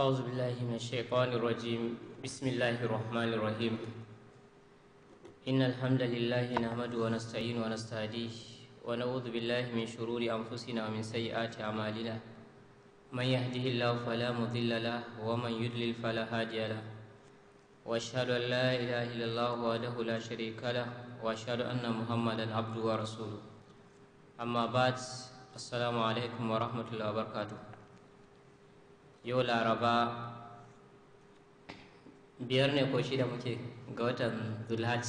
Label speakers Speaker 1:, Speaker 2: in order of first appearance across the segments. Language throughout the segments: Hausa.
Speaker 1: أعوذ بالله من الشيطان الرجيم بسم الله الرحمن الرحيم إن الحمد لله نحمده ونستعين ونستهديه ونعوذ بالله من شرور أنفسنا ومن سيئات أعمالنا من يهده الله فلا مضل له ومن يضلل فلا هادي له وأشهد أن لا إله إلا الله وحده لا شريك له وأشهد أن محمدا عبده ورسوله أما بعد السلام عليكم ورحمة الله وبركاته yau laraba biyar ne ko shida muke ga watan zulhaj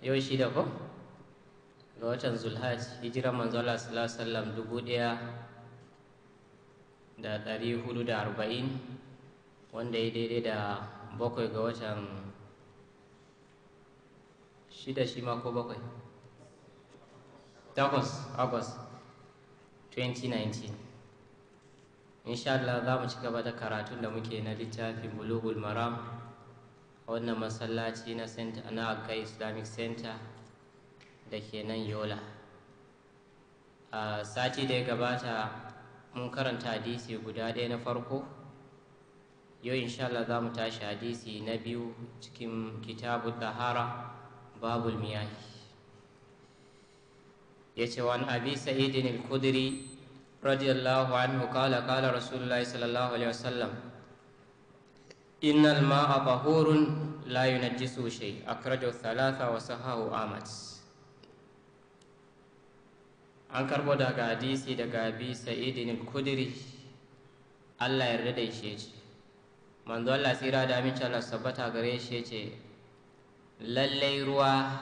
Speaker 1: yau shida ko ga watan zulhaj hijiran manzola sallallahu dubu daya da dari hudu da arba'in wanda ya daidai da bakwai ga watan shida shi ma ko bakwai takwas agwas 2019 insha Allah za mu ci gaba da karatun da muke na littafin bulugul maram a wannan masallaci na center na akai islamic center da ke nan yola a sati da ya gabata mun karanta hadisi guda ɗaya na farko yau insha Allah za mu tashi hadisi na biyu cikin kitabu tahara babul miyahi ya ce wani abi sa'idin al-kudri رضي الله عنه قال قال رسول الله صلى الله عليه وسلم إن الماء طهور لا ينجس شيء أخرجه ثلاثة وصححه أحمد an karbo daga hadisi daga bi sa'idin al-kudri Allah ya da shi ce manzo Allah tsira da aminci Allah sabbata gare shi ce lallai ruwa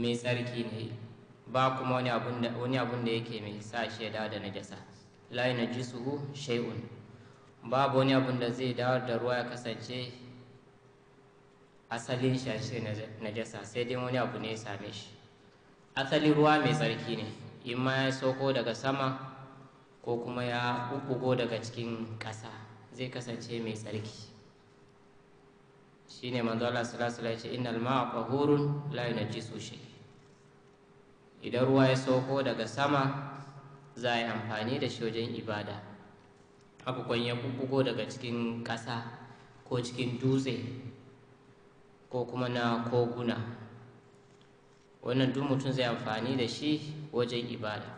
Speaker 1: mai tsarki ne ba kuma wani abun da yake mai sa shi ya dawo da najasa la yunajjisuhu Ba babu wani abun da zai dawo da ruwa ya kasance asalin shi shi najasa sai dai wani abu ne ya same shi asalin ruwa mai tsarki ne in ma ya sauko daga sama ko kuma ya bugo daga cikin ƙasa zai kasance mai tsarki shine manzo Allah sallallahu alaihi wasallam ya ce innal ma'a tahurun la yunajjisu shay'un idan ruwa ya sauko daga sama za a yi amfani da shi wajen ibada haka kwan ya bubbugo daga cikin ƙasa ko cikin dutse ko kuma na koguna wannan duk mutum zai amfani da shi wajen ibada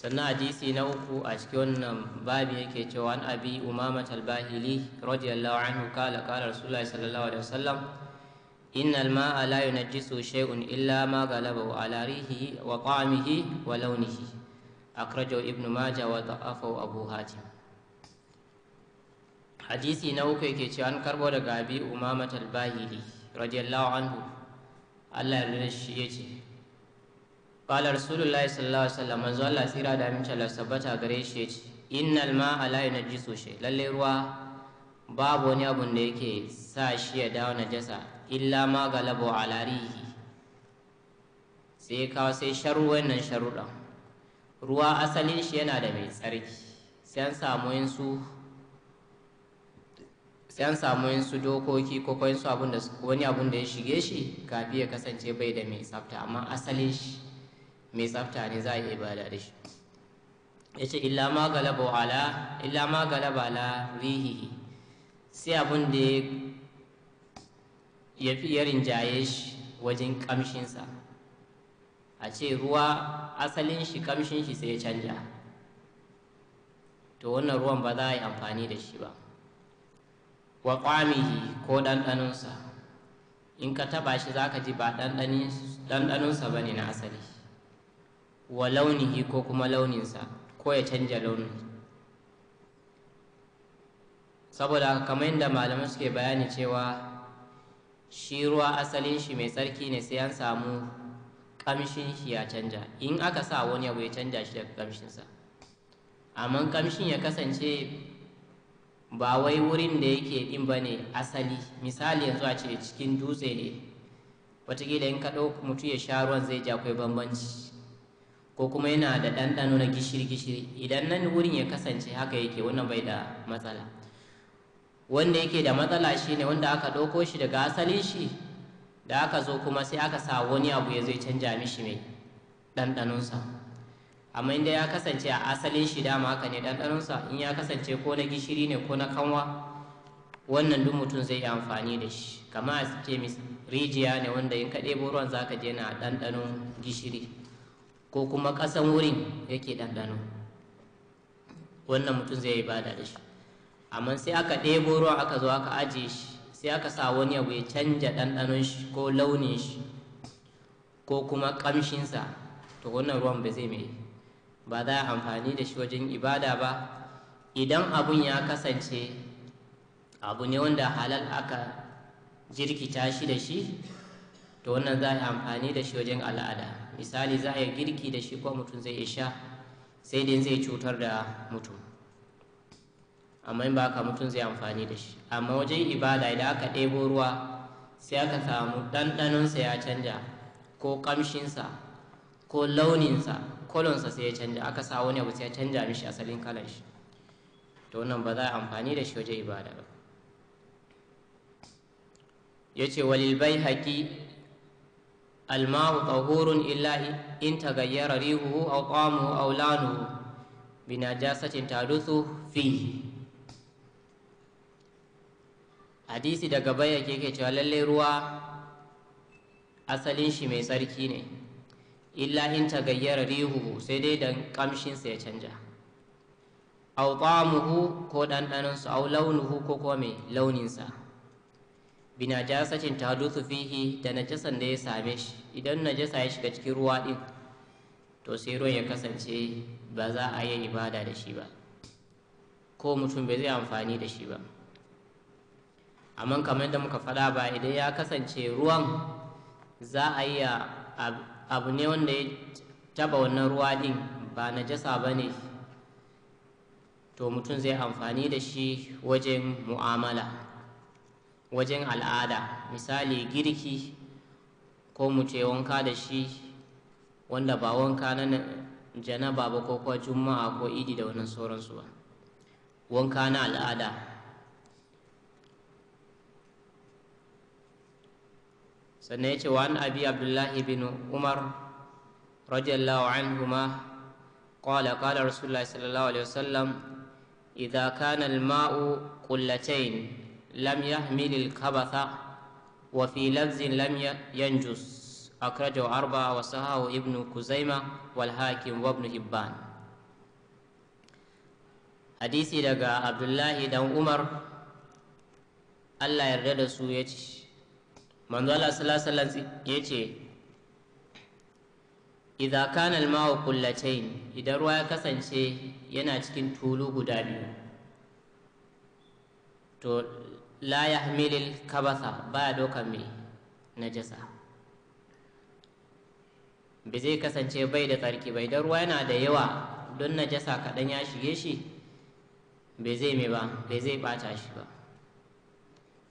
Speaker 1: sannan hadisi na uku a cikin wannan babi yake cewa an abi umama talbahili radiyallahu anhu kala kala rasulullahi sallallahu alaihi wasallam innal ma'a la yunajjisu shay'un illa ma galabahu ala rihi wa ta'amihi wa launihi akhrajahu ibnu abu hatim hadisi na uku yake cewa an karbo daga abi umamat al-bahili radiyallahu anhu Allah ya rida shi yace qala rasulullahi sallallahu alaihi wasallam manzo Allah tsira da amince Allah gare shi yace innal ma'a la yunajjisu shay lalle ruwa babu wani abun da yake sa shi ya dawo najasa illa ma galabo alarihi sai kawo sai sharu wannan sharuɗan ruwa asalin shi yana da mai tsarki sai an samu yin su sai an samu dokoki ko kwansu wani abun da ya shige shi kafi ya kasance bai da mai tsafta amma asalin shi mai tsafta ne za a yi ibada da shi ya ce illa ma galaba ala rihihi sai abun da ya ya fi ya rinjaye shi wajen kamshinsa a ce ruwa asalin shi kamshin shi sai ya canja to wannan ruwan ba za a yi amfani da shi ba wa ƙwamihi ko ɗanɗanonsa in ka taɓa shi za ka ji ba ɗanɗanonsa ba ne na asali wa launihi ko kuma launinsa ko ya canja launin saboda kamar yadda malamai suke bayani cewa shi ruwa asalin shi mai tsarki ne sai an samu kamshin shi ya canja in aka sa wani abu ya canja shi daga kamshinsa amma kamshin ya kasance ba wai wurin da yake din ba ne asali misali yanzu a ce cikin dutse ne Wataƙila, in ka ɗauka mutum ya sha ruwan zai ja akwai bambanci ko kuma yana da ɗanɗano na gishiri gishiri idan nan wurin ya kasance haka yake wannan bai da matsala wanda yake da matsala shi ne wanda aka ɗauko shi daga asalin shi da aka zo kuma sai aka sa wani abu ya zai canja mishi mai ɗanɗanonsa amma inda ya kasance a asalin shi dama haka ne ɗanɗanonsa in ya kasance ko na gishiri ne ko na kanwa wannan duk mutum zai yi amfani da shi kama a ce rijiya ne wanda in ka ɗebo ruwan za ka je na ɗanɗanon gishiri ko kuma ƙasan wurin yake ɗanɗano wannan mutum zai yi bada da shi amma sai aka ɗebo ruwan aka zo aka ajiye shi sai aka sa wani abu ya canja ɗanɗanon shi ko launin shi ko kuma ƙamshinsa to wannan ruwan ba zai mai ba za a amfani da shi wajen ibada ba idan abun ya kasance abu ne wanda halal aka jirkita shi da shi to wannan za a yi amfani da shi wajen al'ada misali za a yi girki da shi ko mutum zai sha sai dai zai cutar da mutum amma in ba ka mutum zai amfani da shi amma wajen ibada idan aka ɗebo ruwa sai aka samu ɗanɗanonsa ya canja ko ƙamshinsa ko launinsa kolonsa sai ya canja aka sa wani abu sai ya canja mishi asalin kalan shi to wannan ba za a amfani da shi wajen ibada ba ya ce walil bai haƙi ta طهور إلا إن a ريحه أو طعمه أو لونه ta تحدث fi. hadisi daga bayan keke cewa lallai ruwa asalin shi mai tsarki ne in ta gayyara rihu sai dai dan kamshinsa ya canja au ta'amuhu ko su au launuhu ko kuma mai launinsa bi najasacin ta hadusu fihi da najasan da ya same shi idan najasa ya shiga cikin ruwa ɗin to sai ruwan ya kasance ba za a yi ibada da shi ba ko mutum bai zai amfani da shi ba amma kamar yadda muka faɗa ba idan ya kasance ruwan za a iya abu ne wanda ya taba wannan ruwa din ba na jasa ba ne to mutum zai amfani da shi wajen mu'amala wajen al'ada misali girki ko mu wanka da shi wanda ba wanka na janaba ba ko kuwa juma'a ko idi da wannan sauransu ba wanka na al'ada sannan ya ce wa an abi abdullahi bin umar radiyallahu anhuma qala qala rasulullahi sallallahu alaihi wasallam idza kana al-ma'u qullatayn lam yahmil al-kabatha وفي لفظ لم ينجس أخرجه أربعة وصححه ابن كزيمة والحاكم وابن حبان حديثي دقا عبد الله دم عمر الله يرد سويتش manzo Allah sallallahu alaihi wasallam yace idza kana al-ma'u kullatayn idan ruwa ya kasance yana cikin tulu guda biyu to la yahmilil kabasa baya dokan mai najasa bai zai kasance bai da tsarki bai idan ruwa yana da yawa don najasa kaɗan ya shige shi bai zai mai ba bai zai ɓata shi ba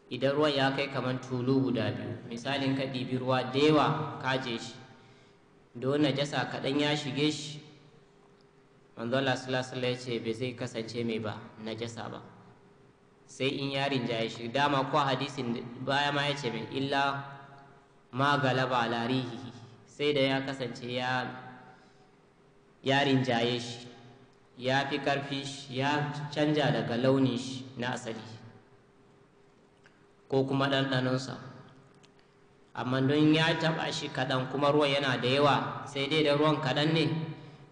Speaker 1: idan ruwan ya kai kamar tulu guda biyu misalin ka ɗibi ruwa da yawa kaje shi don jasa kaɗan ya shige shi manzo Allah sallallahu ce bai zai kasance mai ba na jasa ba sai in yarin ja shi dama ko hadisin baya ma ya ce mai illa ma galaba larihi sai da ya kasance ya yarin jaye shi ya fi karfi shi ya canja daga launin shi na asali ko kuma ɗanɗanonsa amma don ya taɓa shi kaɗan kuma ruwan yana da yawa sai dai da ruwan kaɗan ne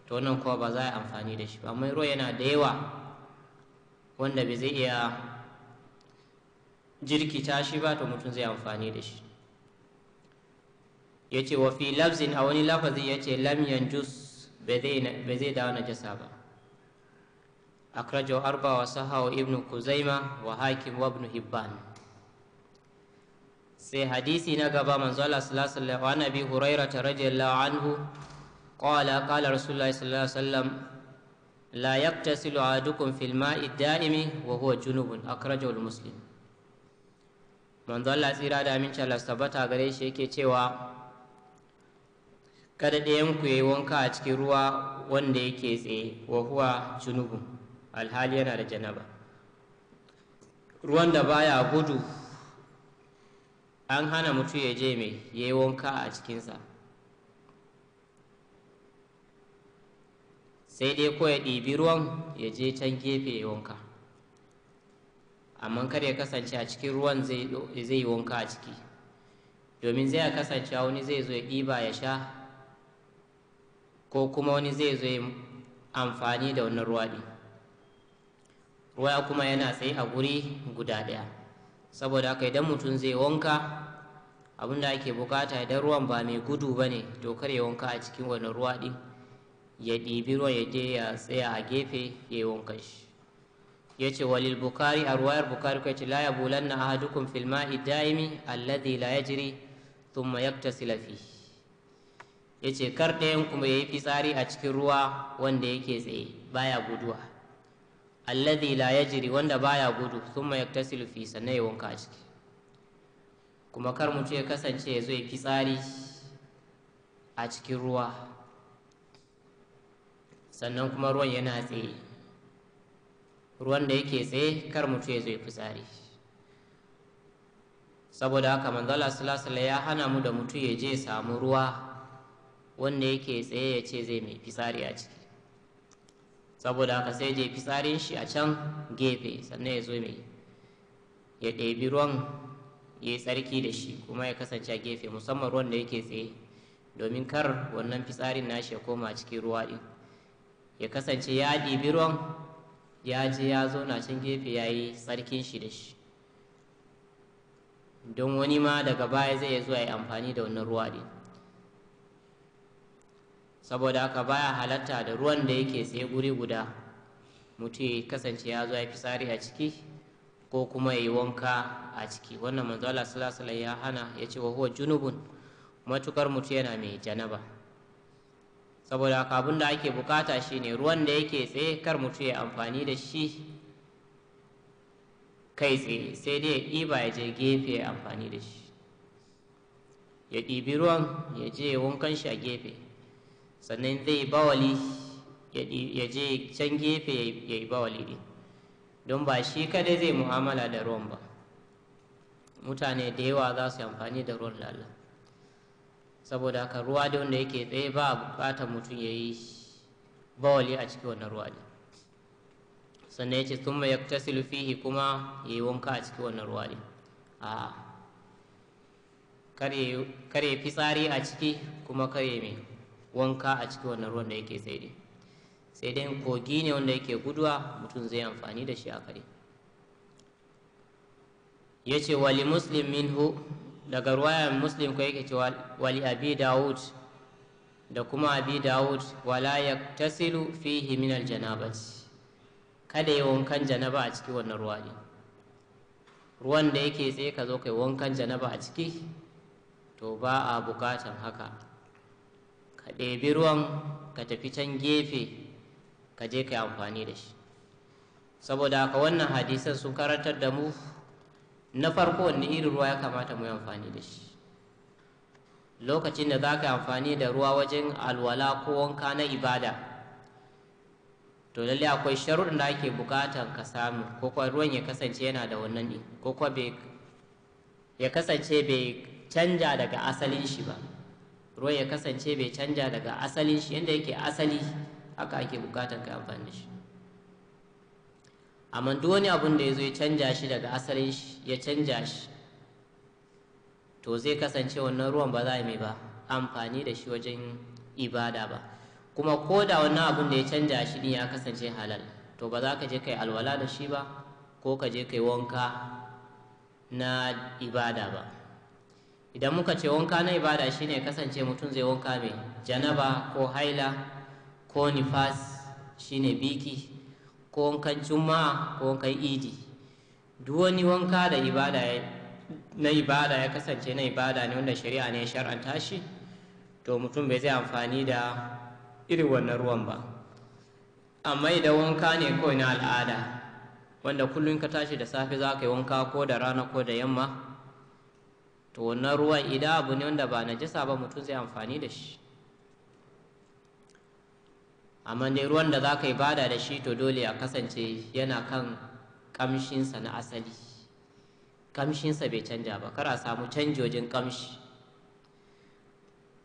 Speaker 1: to nan kowa ba za a yi amfani da shi ba amma ruwan yana da yawa wanda bai zai iya jirkita shi ba to mutum zai amfani da shi ya ce wa fi lafzin a wani lafazi ya ce Lamyan jus bai zai dawo na jasa ba akrajo arba wa sahawa ibnu kuzaima wa hakim wa ibnu hibban sai hadisi na gaba manzo Allah sallallahu alaihi wa nabi hurairah radhiyallahu anhu qala qala rasulullahi sallallahu alaihi wasallam la yaktasilu adukum fil ma'i da'imi wa huwa junubun akhrajahu muslim manzo Allah tsira da aminci Allah tabbata gare shi yake cewa kada ɗayan ku yayi wanka a cikin ruwa wanda yake tsaye wa huwa junubun alhali yana da janaba ruwan da baya gudu an hana mutu ya je mai ya yi wanka a cikinsa sai dai ko ya ɗibi ruwan ya je can gefe ya wanka amma kada ya kasance a cikin ruwan zai yi wanka a ciki domin zai kasance wani zai zo ya ɗiba ya sha ko kuma wani zai zo ya amfani da wannan ruwa ɗin ruwa kuma yana tsaye a guri guda ɗaya saboda haka idan mutum zai wanka abin da ake bukata idan ruwan ba mai gudu ba ne to kar ya wanka a cikin wani ruwa ɗin ya ɗibi ruwan ya je ya tsaya a gefe ya yi wankan shi ya ce walil bukari a ruwayar bukari kai ce laya bulan na ahadukum fil ma'i alladhi la yajri thumma yaktasila fi ya ce kar ɗayan kuma ya yi fitsari a cikin ruwa wanda yake tsaye baya guduwa alladhi la yajri wanda baya gudu thumma yaktasilu fi sanai wanka a ciki kuma kar mu ce kasance ya zo ya fitsari a cikin ruwa sannan kuma ruwan yana tsaye ruwan da yake tsaye kar mu ce ya zo ya fitsari saboda haka manzala sulasula ya hana mu da mutu ya je samu ruwa wanda yake tsaye ya ce zai mai fitsari a ciki saboda haka sai je fitsarin shi a can gefe sannan ya zo mai ya ɗebi ruwan ya yi tsarki da shi kuma ya kasance a gefe musamman ruwan da yake tsaye domin kar wannan fitsarin nashi ya koma cikin ruwa ɗin ya kasance ya ɗibi ruwan ya je ya zo na can gefe ya yi tsarkin shi da shi don wani ma daga baya zai zuwa ya yi amfani da wannan ruwa ɗin saboda haka baya halatta da ruwan da yake tsaye guri guda mutum ya kasance ya zo ya fitsari a ciki ko kuma ya yi wanka a ciki wannan manzo Allah sallallahu ya hana ya ce wa huwa junubun matukar mutum yana mai janaba saboda haka abin da ake bukata shine ruwan da yake tsaye kar mutum ya amfani da shi kai tsaye sai dai ya ɗiba ya je gefe ya amfani da shi ya ɗibi ruwan ya je wankan shi a gefe sannan zai bawali ya je can gefe ya yi bawali ne, don ba shi kada zai mu'amala da ruwan ba mutane da yawa za su yi amfani da ruwan lalla saboda haka ruwa da wanda yake tsaye ba a bukatar mutum ya yi bawali a cikin wannan ruwa ne sannan ya ce sun mai yaktasilu silfihi kuma ya yi wanka a cikin wannan ruwa ne a kare fitsari a ciki kuma kare mai wanka a cikin wannan ruwan da yake tsaye sai dai kogi ne wanda yake guduwa mutum zai amfani da shi a kare ya ce wali muslim minhu daga ruwayar muslim kai yake ce wali abi dawud da kuma abi dawud wala tasilu fihi min aljanabati kada yi wankan janaba a cikin wannan ruwa ne ruwan da yake tsaye ka zo kai wankan janaba a ciki to ba a bukatan haka ka ɗebi ruwan ka tafi can gefe ka je ka yi amfani da shi saboda haka wannan hadisan sun karantar da mu na farko wanne irin ruwa ya kamata mu yi amfani da shi lokacin da za ka yi amfani da ruwa wajen alwala ko wanka na ibada to lallai akwai sharuɗin da ake buƙatan ka samu ko ruwan ya kasance yana da wannan ne ko bai ya kasance bai canja daga asalin shi ba ruwan ya kasance bai canja daga asalin shi yadda yake asali haka ake bukatar ka amfani da shi amma duk wani abun da ya zo ya canja shi daga asalin shi ya canja shi to zai kasance wannan ruwan ba za a mai ba amfani da shi wajen ibada ba kuma ko da wannan abun da ya canja shi din ya kasance halal to ba za ka je kai alwala da shi ba ko ka je kai wanka na ibada ba idan muka ce wanka na ibada shine kasance mutum zai wanka mai janaba ko haila ko nifas shine biki ko wankan juma'a ko wankan idi duk wani wanka da ibada na ibada ya kasance na ibada ne wanda shari'a ne ya shar'anta shi to mutum bai zai amfani da irin wannan ruwan ba amma idan wanka ne kawai na al'ada wanda kullum ka tashi da safe za ka yi wanka ko da rana ko da yamma to wannan ruwan idan abu ne wanda ba najasa ba mutum zai amfani da shi amma dai ruwan da za ka yi bada da shi to dole a kasance yana kan kamshinsa na asali kamshinsa bai canja ba kar a samu canjojin kamshi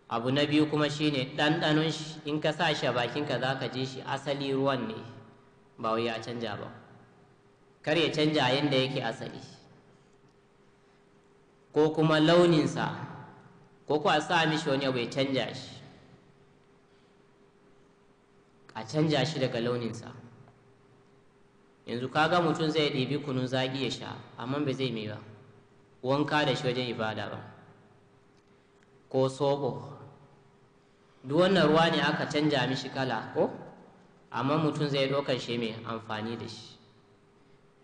Speaker 1: abu na biyu kuma shine ɗanɗanon shi in ka sa shi a bakinka za ka ji shi asali ruwan ne ba wai ya canja ba kar ya canja yadda yake asali ko kuma launinsa ko a sa mishi wani abu ya canja shi a canja shi daga launinsa yanzu kaga mutum zai ɗibi kunun zaki ya sha amma bai zai mai ba wanka da shi wajen ibada ba ko sobo duk wannan ruwa ne aka canja mishi kala ko amma mutum zai ɗaukar shi mai amfani da shi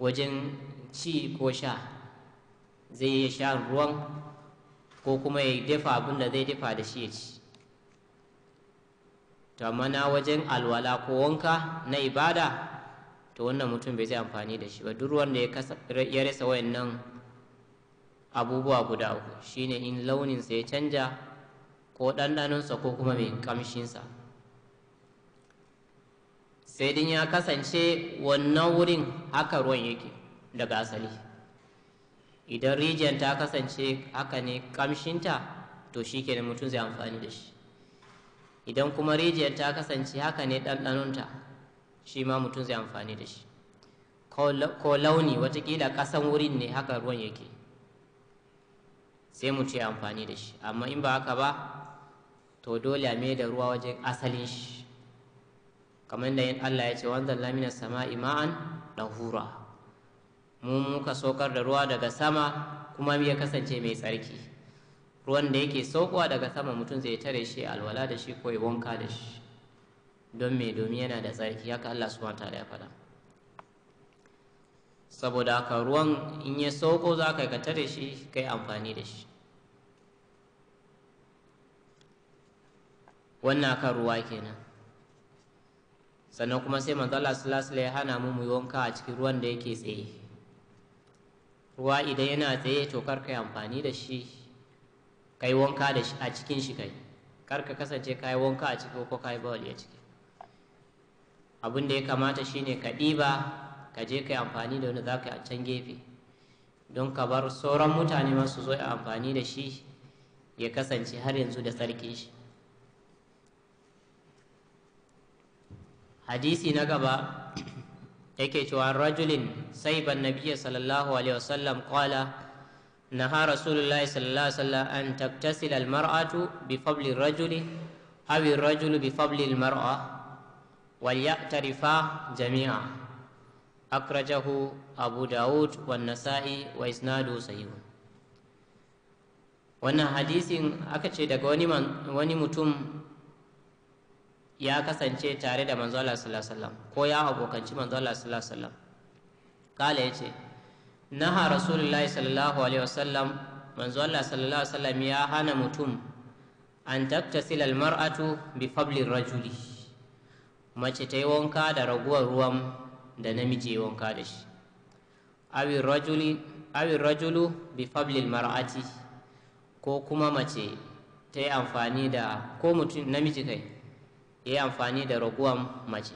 Speaker 1: wajen ci ko sha zai iya sha ruwan ko kuma ya dafa abin da zai dafa da shi ya ci to amma na wajen alwala ko wanka na ibada to wannan mutum bai zai amfani da shi ba duk ruwan da ya rasa wayannan abubuwa guda uku shine in launinsa ya canja ko ɗanɗanonsa ko kuma mai ƙamshinsa sai din ya kasance wannan wurin haka ruwan yake daga asali idan rijiyar ta kasance haka ne kamshinta to shi kenan mutum zai amfani da shi idan kuma rijiyar ta kasance haka ne ɗanɗanonta shi ma mutum zai amfani da shi ko launi watakila ƙasan wurin ne haka ruwan yake sai mutum ya amfani da shi amma in ba haka ba to dole a mai da ruwa wajen asalin shi kamar da yin allah ya ce wanzan lamina sama'i ma'an ɗahura mu muka saukar da ruwa daga sama kuma ya kasance mai tsarki ruwan da yake saukowa daga sama mutum zai tare shi alwala da shi ko ya wanka da shi don mai, domin yana da tsarki haka Allah subhanahu wataala ya faɗa saboda haka ruwan in ya sauko za ka ka tare shi kai amfani da shi wannan kan ruwa kenan sannan kuma sai manzo Allah sallallahu ya hana mu mu wanka a cikin ruwan da yake tsaye ruwa idan yana tsaye to karka yi amfani da shi kai wanka da shi a cikin shi kai kar kasance ka yi wanka a ciki ko ka yi bawali a ciki abin da ya kamata shine ka ɗiba ka je ka yi amfani da wani za yi a can gefe don ka bar sauran mutane masu zo a amfani da shi ya kasance har yanzu da sarkin shi hadisi na gaba yake cewa rajulin sai ban nabiya sallallahu alaihi wasallam qala naha rasulullahi sallallahu alaihi wasallam an taktasil almar'atu bi fadli rajuli aw ar-rajulu bi fadli almar'a walyatarifa jami'a أخرجه أبو داود والنسائي وإسناده صحيح wannan hadisin aka ce daga wani mutum ya kasance tare da manzo Allah sallallahu alaihi wasallam ko ya abokanci manzo Allah sallallahu alaihi wasallam kala yace naha rasulullahi sallallahu alaihi wasallam manzo Allah sallallahu alaihi wasallam ya hana mutum an tabtasil mar'atu, bi fabli rajuli mace ta yi wanka da raguwar ruwan da namiji ya wanka da shi awi rajuli awi rajulu bi fabli mar'ati ko kuma mace ta yi amfani da ko mutum namiji kai ya yi amfani da raguwan mace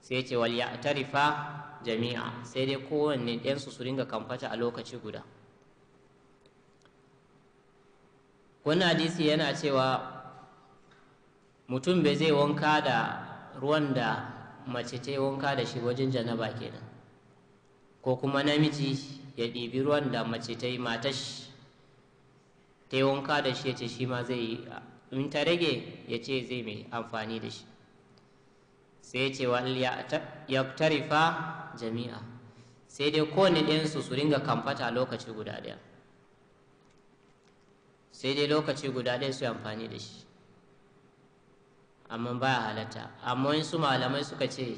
Speaker 1: sai ce wal ya'tarifa jami'a sai dai kowanne ɗan su ringa kamfata a lokaci guda wannan hadisi yana cewa mutum bai zai wanka da ruwan da mace ta wanka da shi wajen janaba kenan ko kuma namiji ya ɗibi ruwan da mace ta yi matashi ta yi wanka da shi ya ce shi ma zai in ta rage ya ce zai mai amfani da shi sai ce wa tarifa jami'a sai dai kowane ɗayansu su ringa kamfata lokaci guda ɗaya sai dai lokaci guda ɗaya su amfani da shi amma baya halatta amma su malamai suka ce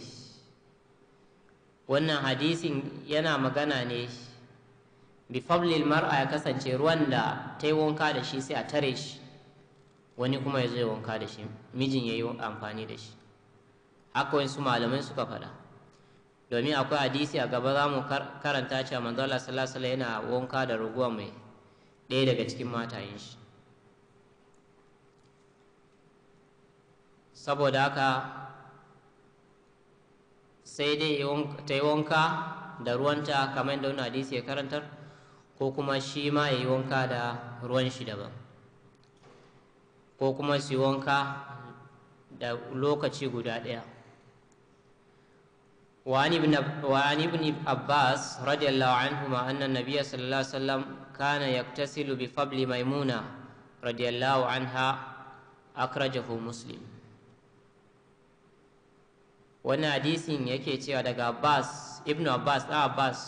Speaker 1: wannan hadisin yana magana ne bi fablil mar'a ya kasance ruwan da ta yi wanka da shi sai a tare shi wani kuma ya zo ya wanka da shi mijin ya yi amfani da shi haka wasu malamai suka faɗa domin akwai hadisi a gaba za mu karanta cewa manzo Allah sallallahu alaihi yana wanka da raguwa mai ɗaya daga cikin matayen shi saboda haka sai dai ta yi wanka da ruwanta kamar da wani hadisi ya karantar ko kuma shi ma ya yi wanka da ruwan shi daban ko kuma su wanka da lokaci guda ɗaya وعن ابن وعن ابن عباس رضي الله عنهما أن النبي صلى الله عليه وسلم كان يغتسل بفضل ميمونة رضي الله عنها أخرجه مسلم wannan hadisin yake cewa daga Abbas Abbas da Abbas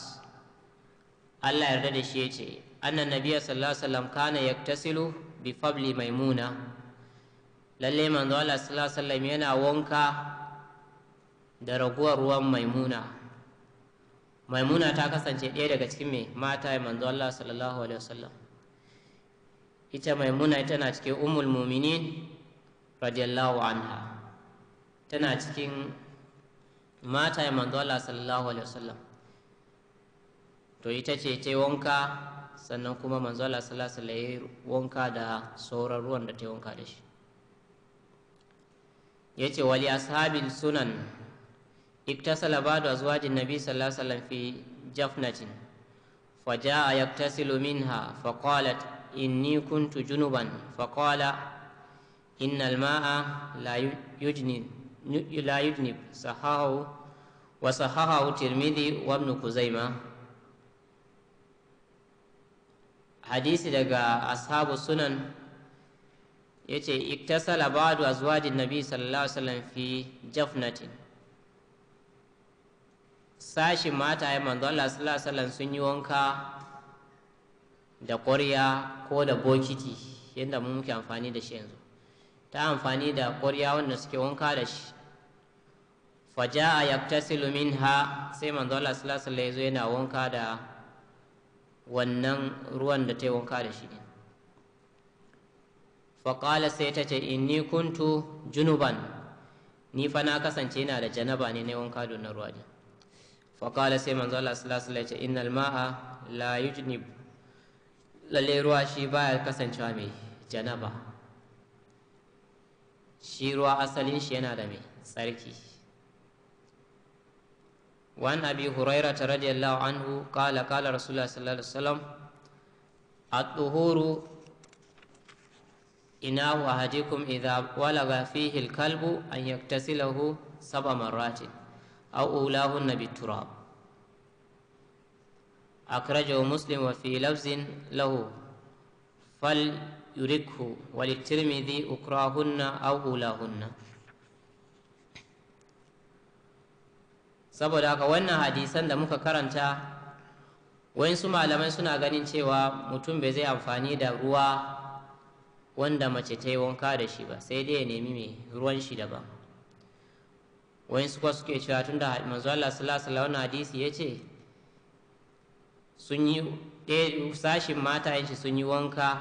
Speaker 1: Allah yarda da shi yace annan nabiyyu sallallahu alaihi wasallam kana yaktasilu bi fabli maimuna lalle manzo Allah sallallahu alaihi wasallam yana wanka da raguwar ruwan maimuna maimuna ta kasance ɗaya daga cikin mai mata ya manzo Allah sallallahu alaihi wasallam ita maimuna tana cikin ummul muminin radiyallahu anha tana cikin mata ya manzo Allah sallallahu alaihi wasallam to ita ce ta wanka sannan kuma manzo Allah sallallahu alaihi wasallam wanka da sauran ruwan da ta wanka da shi ya ce wali ashabin sunan iktasala ba da zuwajin nabi sallallahu fi jafnatin faja'a yaktasilu minha in inni kuntu junuban faqala innal ma'a la la yujnib sahahu wa sahahu tirmidhi wa ibn kuzaima hadisi daga ashabu sunan Ya ce, iktasala ba'du azwajin nabi sallallahu alaihi wasallam fi jafnatin sashin ya manzo Allah sallallahu alaihi sun yi wanka da ƙwarya ko da bokiti yadda mu muke amfani da shi yanzu ta amfani da ƙwarya wanda suke wanka da shi faja a yaktasilu minha sai manzo Allah sallallahu alaihi wasallam yana wanka da wannan ruwan da ta yi wanka da shi ne faƙala sai ta ce in ni kuntu junuban ni fa na kasance na da janaba ne na wanka don na ruwa ne faƙala sai manzo Allah sallallahu alaihi wasallam innal ma'a la yujnib lalle ruwa shi baya kasancewa mai janaba shi ruwa asalin shi yana da mai tsarki وعن أبي هريرة رضي الله عنه قال قال رسول الله صلى الله عليه وسلم الطهور ina wa hajji kum idan wala ga fi hil kalbu an yi ta silahu saba marati a ulahu na bi a kira jawo muslim wa fi lahu fal yuriku wali tirmi di ukura hunna a ulahu na saboda ka wannan hadisan da muka karanta wasu malamai suna ganin cewa mutum bai zai amfani da ruwa wanda mace ta yi wanka da shi ba sai dai ya nemi mai ruwan shi daban wani suka suke cewa tun da manzo Allah sallallahu alaihi wasallam hadisi ya ce sun yi sashin shi sun yi wanka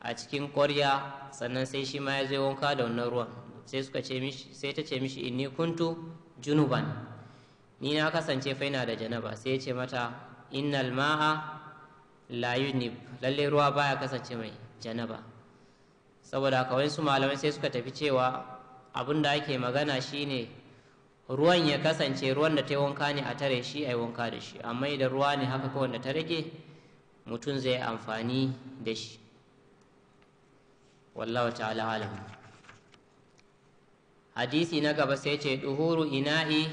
Speaker 1: a cikin ƙwarya sannan sai shi ma ya zai wanka da wannan ruwan sai suka ce mishi sai ta ce mishi inni kuntu junuban ni na kasance fa ina da janaba sai ya ce mata innal ma'a la yunib lalle ruwa baya kasance mai janaba saboda haka wasu malamai sai suka tafi cewa abin da ake magana shine ruwan ya kasance ruwan da ta yi wanka ne a tare shi a yi wanka da shi amma idan ruwa ne haka kawai da ta rage mutum zai amfani da shi wallahu ta'ala alam hadisi na gaba sai ce duhuru ina'i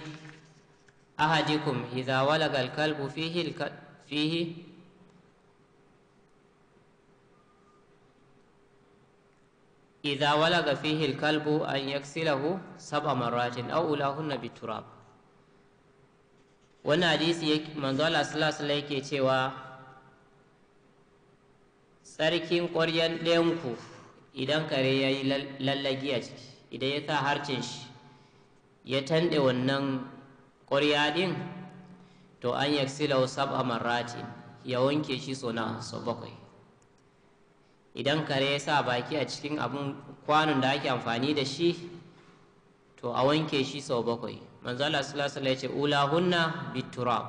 Speaker 1: ahadikum idza walaga al-kalbu fihi idza walaga fihi alkalbu an yaksilahu sab'a marratin aw ulahunna biturab wannan hadisi manzo Allah sallallahu alaihi yake cewa tsarkin ƙwaryan ɗayanku idan kare ya yi lallagi a ciki idan ya sa harcin shi ya tanɗe wannan ƙwarya ɗin to an yaksilahu sab'a marratin ya wanke shi so na so bakwai idan kare ya sa baki a cikin abin kwanon da ake amfani da shi to a wanke shi sau bakwai manzo Allah sallallahu alaihi ce ula hunna biturab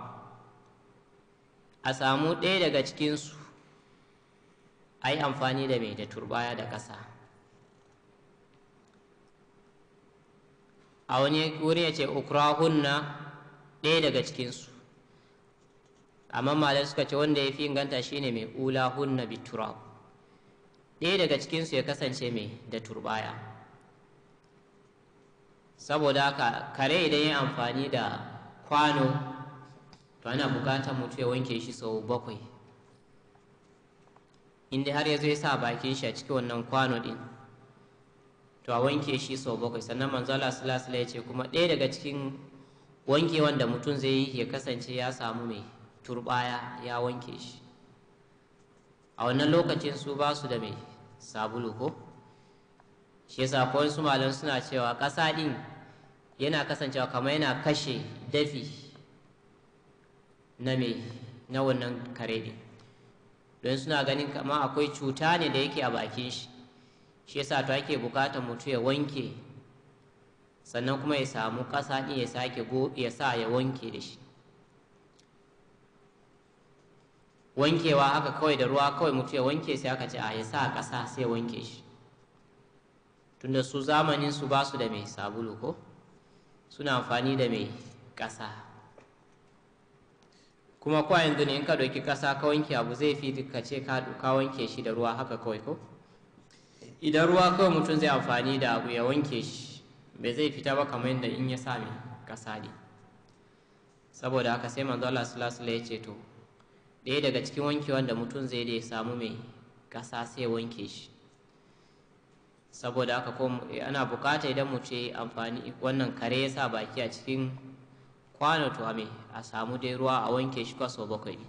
Speaker 1: a samu ɗaya daga cikin su ai amfani da mai da turbaya da ƙasa a wani wuri ya ce ukrahunna ɗaya daga cikin su amma malai suka ce wanda ya fi inganta shine mai ula hunna biturab ɗaya daga cikinsu ya kasance mai da turbaya saboda haka kare idan ya amfani da kwano to ana bukatar mutu ya wanke shi sau bakwai inda har ya zo ya sa bakin shi a cikin wannan kwano din to a wanke shi sau bakwai sannan manzo Allah sallallahu ya ce kuma ɗaya daga cikin wankewan da mutum zai yi ya kasance ya samu mai turbaya ya wanke shi a wannan lokacin su ba su da mai sabulu ko shi yasa ko wasu malam suna cewa ƙasa din yana kasancewa kamar yana kashe dafi na me na wannan kare din don suna ganin kama akwai cuta ne da yake a bakin shi shi yasa to ake bukatar mutu ya wanke sannan kuma ya samu ƙasa din ya sake ya sa ya wanke da shi wankewa haka kawai da ruwa kawai mutu ya wanke sai aka ce a ya sa a ƙasa sai wanke shi tunda su zamanin su basu da mai sabulu ko suna amfani da mai ƙasa kuma kwa yanzu ne in ka ɗauki ƙasa ka wanke abu zai fi ka ce ka wanke shi da ruwa haka kawai ko idan ruwa kawai mutum zai amfani da abu ya wanke shi bai zai fita ba kamar yadda in ya sami ƙasa ne saboda haka sai manzo Allah sallallahu alaihi ya ce to ɗaya daga cikin wankewan da mutum zai da ya samu mai ƙasa sai wanke shi saboda aka koma eh, ana bukata idan mu ce amfani wannan kare ya sa baki a cikin kwano to a samu dai ruwa a wanke shi sau bakwai ne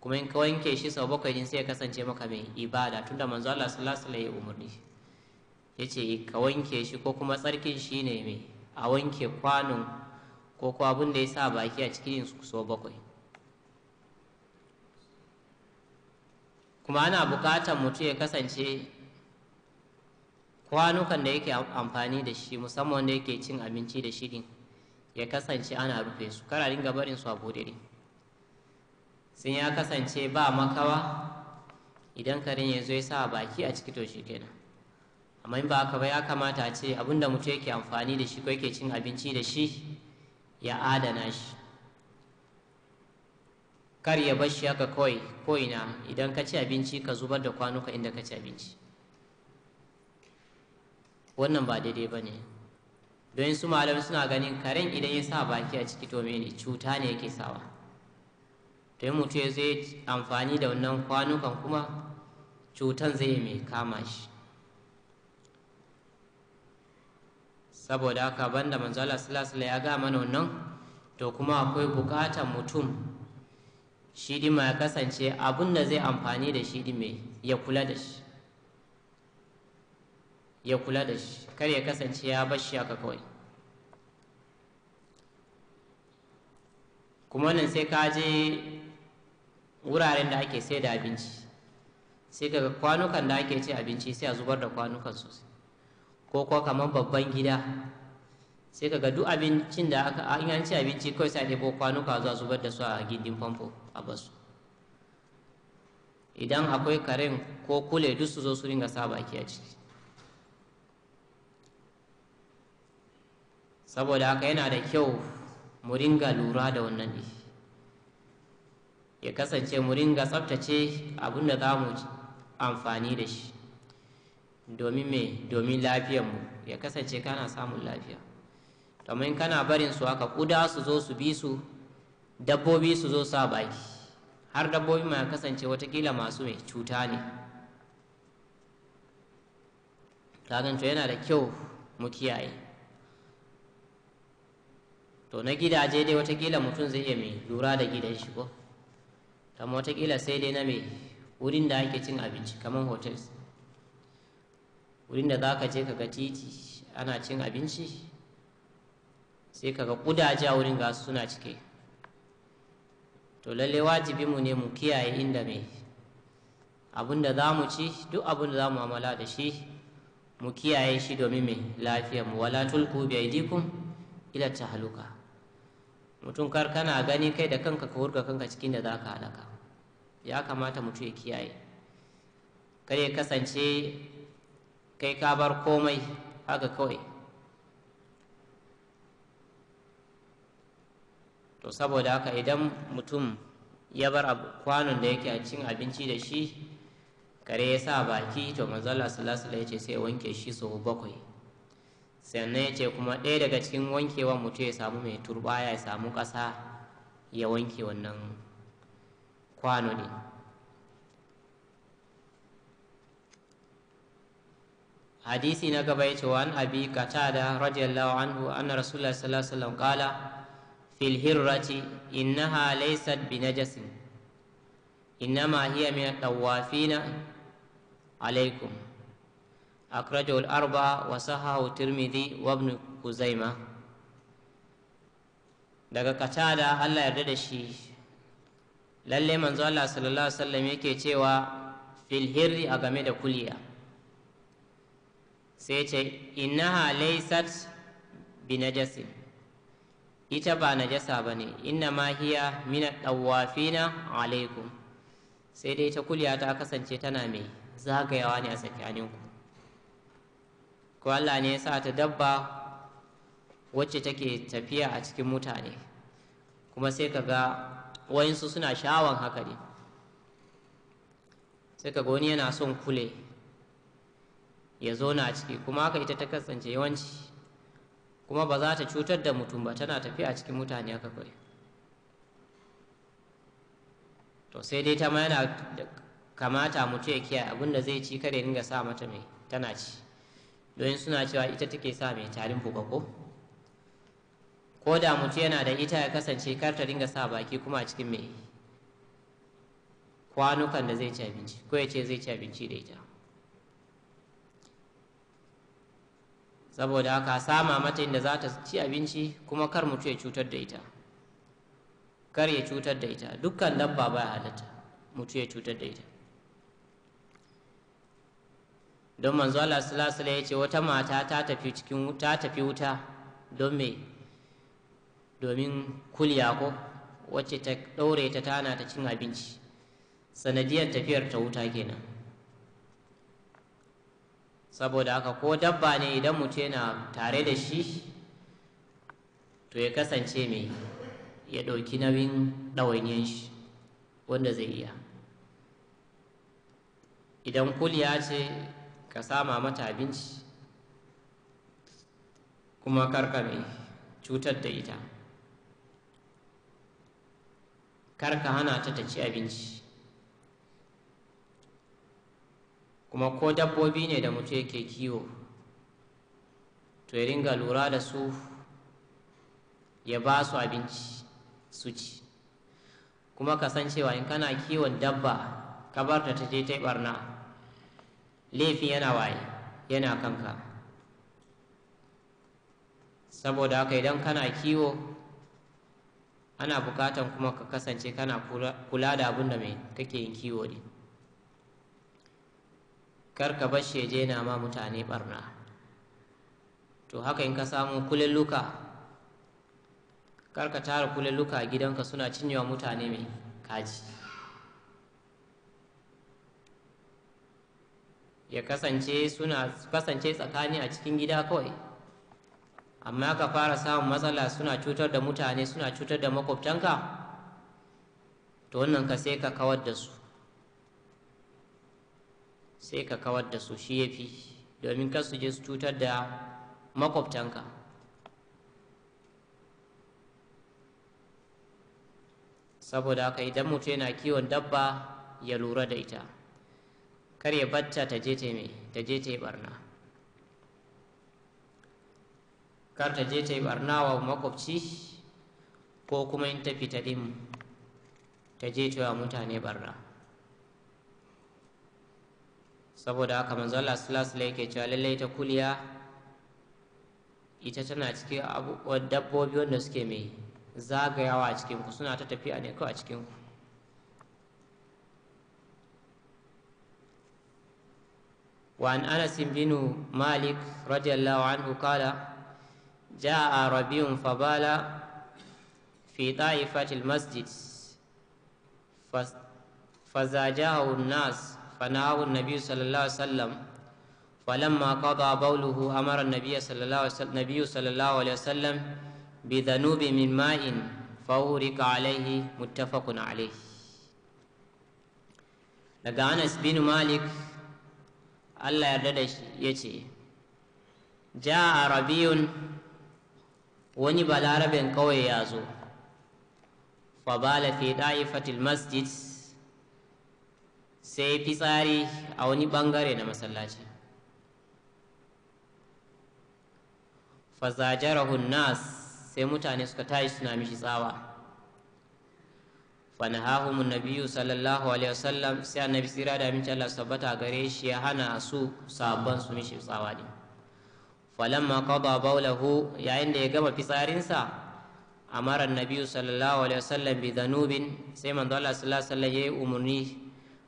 Speaker 1: kuma in ka wanke shi sau bakwai ne sai ya kasance maka mai ibada tunda manzo Allah sallallahu alaihi wasallam ya umarni yace ka wanke shi ko kuma tsarkin shi ne mai a wanke kwanon ko ko abin da ya sa baki a cikin sau bakwai kuma ana buƙatar mutu ya kasance kwanukan da yake amfani da shi musamman da yake cin abinci da shi ya kasance ana rufe su kara dinga barin su a buɗe sun ya kasance ba makawa idan karin ya zo ya sa baki a ciki to shi kenan amma in ba haka ba ya kamata a ce abinda mutum yake amfani da shi ko yake cin abinci da shi ya adana shi kar ya bar haka kawai ko ina idan ka ci abinci ka zubar da kwanuka inda ka ci abinci wannan ba daidai ba ne don su malamai suna ganin karen idan ya sa baki a ciki to mene cuta ne yake sawa to mutum ya zai amfani da wannan kwanukan kuma cutan zai yi mai kama shi saboda haka banda manzala sallallahu ya ga mana wannan to kuma akwai bukatan mutum shi din ma ya kasance abun da zai amfani da shi din mai ya kula da shi ya kula da shi kar ya kasance ya bar shi haka kawai kuma nan sai ka je wuraren da ake sai da abinci sai ka kwanukan da ake ce abinci sai a zubar da kwanukan sosai ko kuma kamar babban gida sai kaga duk abincin da aka in an abinci kawai sai a kwanuka zuwa zubar da su a gindin famfo a basu idan akwai karen ko kule duk su zo su ringa sa baki a ciki saboda haka yana da kyau mu ringa lura da wannan ne ya kasance mu ringa tsaftace abin da za mu amfani da shi domin me lafiyarmu ya kasance kana samun lafiya domin kana barin su haka kuda su zo su bi su dabbobi su zo sa baki har dabbobi ma kasance watakila masu mai cuta ne kaganto yana da kyau mu kiyaye to na gidaje dai watakila mutum zai iya mai lura da gidan shi ko amma watakila sai dai na mai wurin da ake cin abinci kamar hotels wurin da za ka je ka ga titi ana cin abinci sai kaga kudaje wurin ga suna cike to lalle mu ne mu kiyaye inda mai abin da ci duk abin da za mu amala da shi mu kiyaye shi domin mai mu. wala tulku bi aidikum ila tahluka mutum kar kana gani kai da kanka ka hurga kanka cikin da zaka halaka ya kamata mutum ya kiyaye kar ya kasance kai ka bar komai haka kawai to saboda haka idan mutum ya bar kwanon da yake a cin abinci da shi kare ya sa baki to manzala salasala ya ce sai wanke shi sau bakwai sannan ya ce kuma ɗaya daga cikin wankewa mutum ya samu mai turbaya ya samu ƙasa ya wanke wannan kwano ne hadisi na gaba ya ce wa an abi da radiyallahu anhu an, rasulullah sallallahu alaihi fil hirrati innaha laysat binajasin innama hiya min at-tawafina alaikum akhrajahu al-arba'a wa sahahu tirmidhi wa ibn kuzaima daga katada Allah yarda da shi lalle manzo Allah sallallahu alaihi wasallam yake cewa filhirri a game da kuliya sai ce innaha laysat jasi. ita ba najasa ba ne inna ma hiya mina ɗawafina alaikum sai dai ta kulya ta kasance tana mai zagayawa ne a tsakaninku ko Allah ne ya sa ta dabba wacce take tafiya a cikin mutane kuma sai ka ga wayansu suna shawon haka ne sai ka wani yana son kule ya zo na ciki kuma haka ita ta kasance yawanci kuma ba za ta cutar da mutum ba tana tafi a cikin mutane haka kawai to sai dai ta ma yana kamata mutu ya kiyaye abinda zai ci kada ya dinga sa mata mai tana ci don suna cewa ita take sa mai tarin bukako ko Ko da mutu yana da ita ya kasance kar ta dinga sa baki kuma a cikin mai kwanukan da zai ci abinci ko ya ce zai ci abinci da ita saboda haka sama mata inda za ta ci abinci kuma kar mutu ya cutar da ita kar ya cutar da ita dukkan dabba baya halatta mutu ya cutar da ita don manzo Allah sallallahu alaihi ya ce wata mata ta tafi cikin ta tafi wuta don me domin kulya ko wacce ta daure ta tana ta cin abinci sanadiyar tafiyar ta wuta kenan saboda haka ko dabba ne idan mutum yana tare da shi to ya kasance mai ya ɗauki nauyin ɗawanyen shi wanda zai iya idan kuliya ce ka sama mata abinci kuma karka mai cutar da ita karka hana ta ta ci abinci kuma ko dabbobi ne da mutum yake kiwo to ya ringa lura da su ya ba su abinci su ci kuma cewa in kana kiwon dabba ka bar ta je ta barna laifin yana waye yana kanka saboda haka idan kana kiwo ana bukatan kuma ka kasance kana kula da abin da mai kake yin kiwo ne karka bar shi je na ma mutane barna to haka in ka samu kulelluka kar ka tara kulelluka a gidanka suna cinyewa mutane mai kaji ya kasance suna kasance tsakani a cikin gida kawai amma ka fara samun matsala suna cutar da mutane suna cutar da makwabtanka to wannan ka sai ka kawar da su sai ka kawar da su shi ya fi domin kar su je su cutar da makwabtanka saboda haka idan mutum yana kiwon dabba ya lura da ita kar ya batta ta je ta yi barna kar ta je ta yi barna wa makwabci ko kuma in ta fita ta je ta wa mutane barna saboda haka manzo Allah sallallahu alaihi yake cewa lalle ta kuliya ita tana cikin abubuwan dabbobi wanda suke mai zagayawa a cikin ku suna ta tafiya ne kawai a cikin ku وعن أنس بن مالك رضي الله عنه قال جاء ربيع فبال في طائفة المسجد فزاجه الناس فنعه النبي صلى الله عليه وسلم فلما قضى بوله أمر النبي صلى الله عليه وسلم, النبي صلى الله عليه وسلم بذنوب من ماء فورك عليه متفق عليه daga Anas بن مالك الله yarda يتي جاء عربي وني بالعرب قوي يازو فبال في دائفة المسجد sai fitsari a wani bangare na masallaci fazajarahun nas sai mutane suka tashi suna mishi tsawa fanahahum nabiyyu sallallahu alaihi wasallam sai annabi sira da aminci Allah sabbata gare shi ya hana su sabon su mishi tsawa ne falamma qada bawlahu yayin da ya gama fitsarinsa amara nabiyu sallallahu alaihi wasallam bi dhanubin sai manzo Allah sallallahu alaihi wasallam yi umurni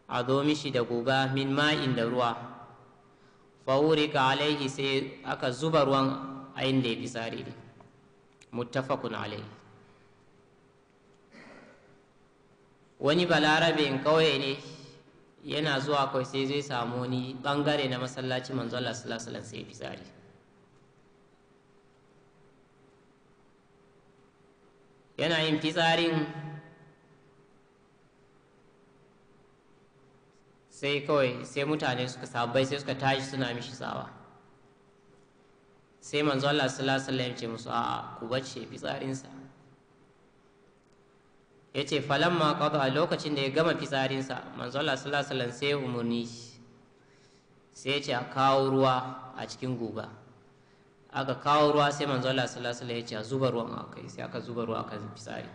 Speaker 1: a zo mishi da guga min ma'in da ruwa fawurika alaihi sai aka zuba ruwan a inda ya fi tsari ne alaihi wani balarabe in kauye ne yana zuwa kawai sai zai samu wani bangare na masallaci manzo Allah sallallahu alaihi sai fitsari yana yin fitsarin sai kawai sai mutane suka sabai sai suka tashi suna mishi tsawa sai manzo Allah sallallahu alaihi wasallam ce musu a'a ku bace fitsarinsa yace falamma qada lokacin da ya gama fitsarinsa manzo Allah sallallahu alaihi wasallam sai umurni sai ya a kawo ruwa a cikin guga aka kawo ruwa sai manzo Allah sallallahu alaihi wasallam ya ce a zuba ruwan a kai sai aka zuba ruwa akan fitsari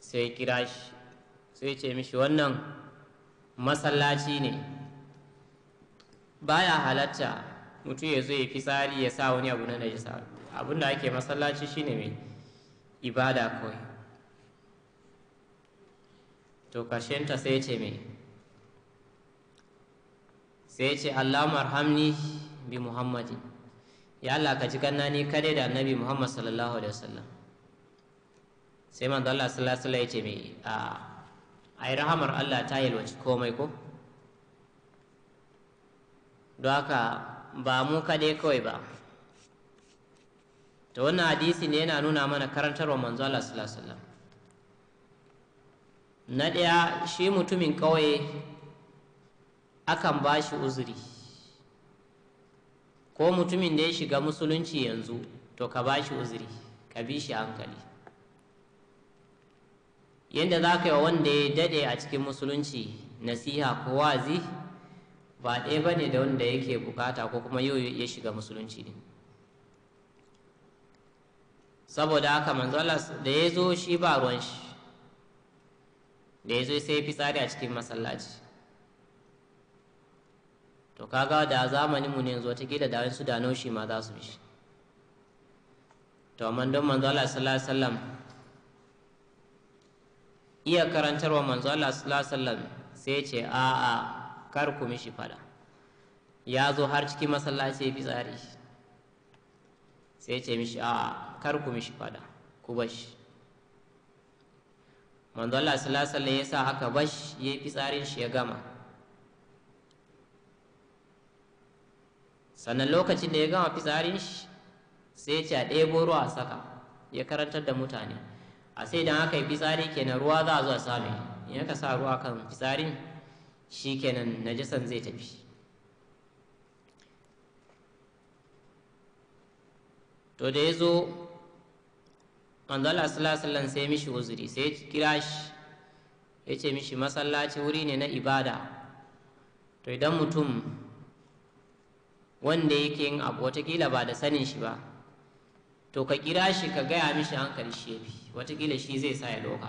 Speaker 1: sai kira shi sai ya ce mishi wannan masallaci ne baya halatta mutum ya zo ya fitsari ya sa wani abu na najisa abin da ake masallaci shine mai ibada kawai to ta sai ce mai sai ce allah marhamni bi muhammadin ya allah ka ji ni kadai da annabi muhammad sallallahu alaihi wasallam sai manzo allah sallallahu alaihi wasallam ya ce mai a ai rahamar Allah ta yalwaci komai ko don haka ba mu kaɗai kawai ba Ta wannan hadisi ne yana nuna mana karantarwa manzo Allah sallallahu alaihi wasallam na ɗaya shi mutumin ƙauye akan bashi uzuri ko mutumin da ya shiga musulunci yanzu to ka bashi uzuri ka bi shi hankali yadda za ka yi wa wanda ya daɗe a cikin musulunci nasiha ko wazi ba ɗaya ba ne da wanda yake bukata ko kuma yau ya shiga musulunci ne. saboda haka manzala da ya zo shi ba ruwan shi da ya zo sai fitsari a cikin masallaci to kaga da zamanin mu ne yanzu wata da wani su da naushi ma za su bi to amma don manzala sallallahu alaihi wasallam iya karantarwa manzo Allah sallallahu alaihi wasallam sai ce a a kar ku mishi fada ya zo har cikin masallaci ya fitsari sai ce mishi a kar ku mishi fada ku bashi manzo Allah sallallahu alaihi wasallam ya sa haka bashi ya fitsarin shi ya gama sannan lokacin da ya gama fitsarin shi sai ya ce a ɗebo ruwa a saka ya karantar da mutane a sai idan aka yi fitsari kenan ruwa za a zo a in aka sa ruwa kan fitsarin shi kenan najasan zai tafi to da ya zo manzala sallallahu sai mishi uzuri sai kira shi ya ce mishi masallaci wuri ne na ibada to idan mutum wanda yake yin abu watakila ba da sanin shi ba to ka kira shi ka gaya mishi hankali shi watakila shi zai sa ya doka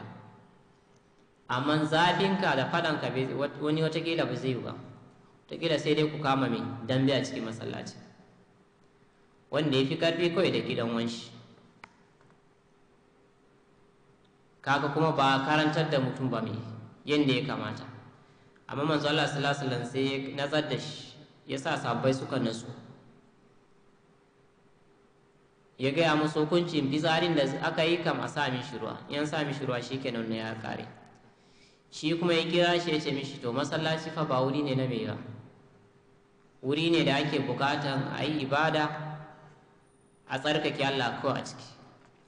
Speaker 1: amma zafinka da fadanka wani watakila ba zai yi ba watakila sai dai ku kama mai don a cikin masallaci wanda ya fi karfi kawai da gidan wanshi kaga kuma ba karantar da mutum ba mai yadda ya kamata amma manzo Allah sallallahu alaihi wasallam sai ya nazar da shi yasa sabbai suka nasu ya gaya musu hukuncin bizarin da aka yi kam a sa mishi yan sa mishi ruwa ke nuna ya kare shi kuma ya kira shi ya ce mishi to masallaci fa ba wuri ne na mai ba wuri ne da ake bukatan a yi ibada a tsarkake Allah ko a ciki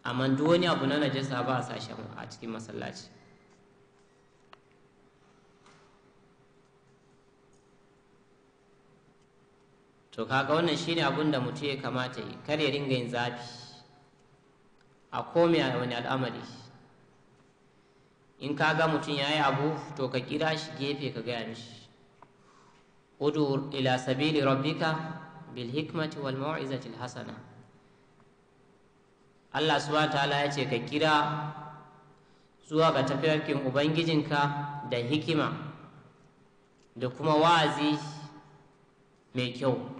Speaker 1: amma duk wani abu na najasa ba a sashen a cikin masallaci to kaga wannan shine abun da mutum ya kamata yi kar ya dinga yin zafi a komai a wani al'amari in kaga mutum ya yi abu to ka kira shi gefe ka gaya mishi Hudu ila sabili rabbika bil hikmati wal mau'izati hasana Allah subhanahu ta'ala ya ce ka kira zuwa ga tafiyarkin ubangijinka da hikima da kuma wa'azi mai kyau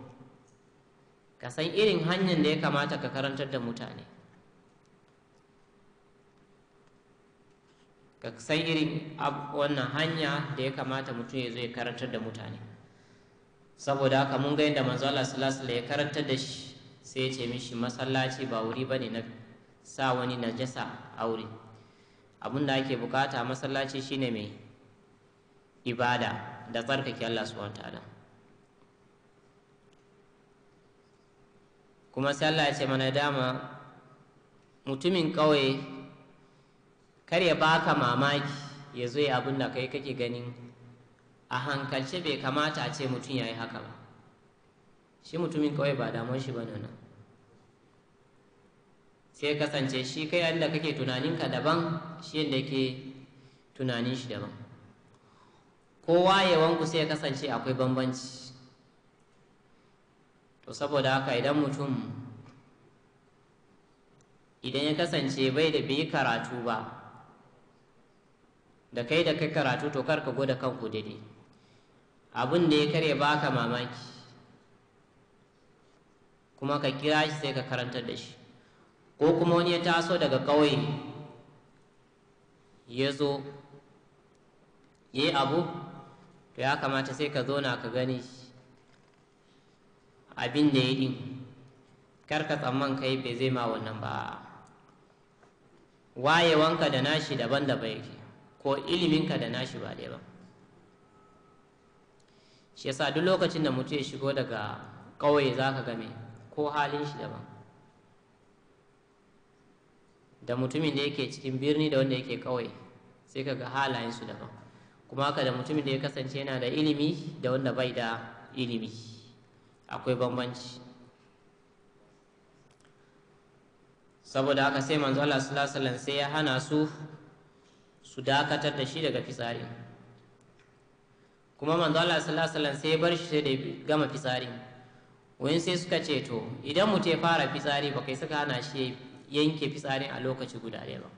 Speaker 1: ka san irin hanyar da ya kamata ka karantar da mutane ka san irin wannan hanya da ya kamata mutum ya zo ya karantar da mutane saboda haka mun ga yadda manzo Allah sallallahu alaihi ya karantar da shi sai ya ce mishi masallaci ba wuri bane na sa wani najasa a wuri abin da ake bukata masallaci shine mai ibada da tsarkake Allah subhanahu wa ta'ala kuma sai Allah ya ce mana dama mutumin kawai kar ya baka mamaki ya zo ya abin da kai kake ganin a hankalce bai kamata a ce mutum ya yi haka ba shi mutumin kawai ba damuwar shi ba nan sai kasance shi kai yadda kake tunaninka daban shi yadda ke tunanin shi daban kowa yawanku sai kasance akwai bambanci to saboda haka idan mutum idan ya kasance bai da bai karatu ba da kai da kai karatu to kar ka gwada kanku daidai abin da ya karya baka mamaki kuma ka kira shi sai ka karantar da shi ko kuma wani ya taso daga ƙauye ya zo ya yi abu to ya kamata sai ka zo na ka gani shi abin da ya din karka tsamman kai bai zai ma wannan ba wayewanka da nashi daban da bai ko iliminka da nashi ba dai ba shi yasa duk lokacin da mutum ya shigo daga ƙauye za ka game ko halin shi daban da mutumin da yake cikin birni da wanda yake ƙauye sai ka ga halayensu daban kuma haka da mutumin da ya kasance yana da ilimi da wanda bai da ilimi akwai bambanci saboda haka sai manzo Allah sallallahu alaihi sai ya hana su su dakatar da shi daga fitsari kuma manzo Allah sallallahu alaihi sai ya bar shi sai da gama fitsari wayin sai suka ce to idan mutum ya fara fitsari ba kai suka hana shi yanke fitsarin a lokaci guda ɗaya ba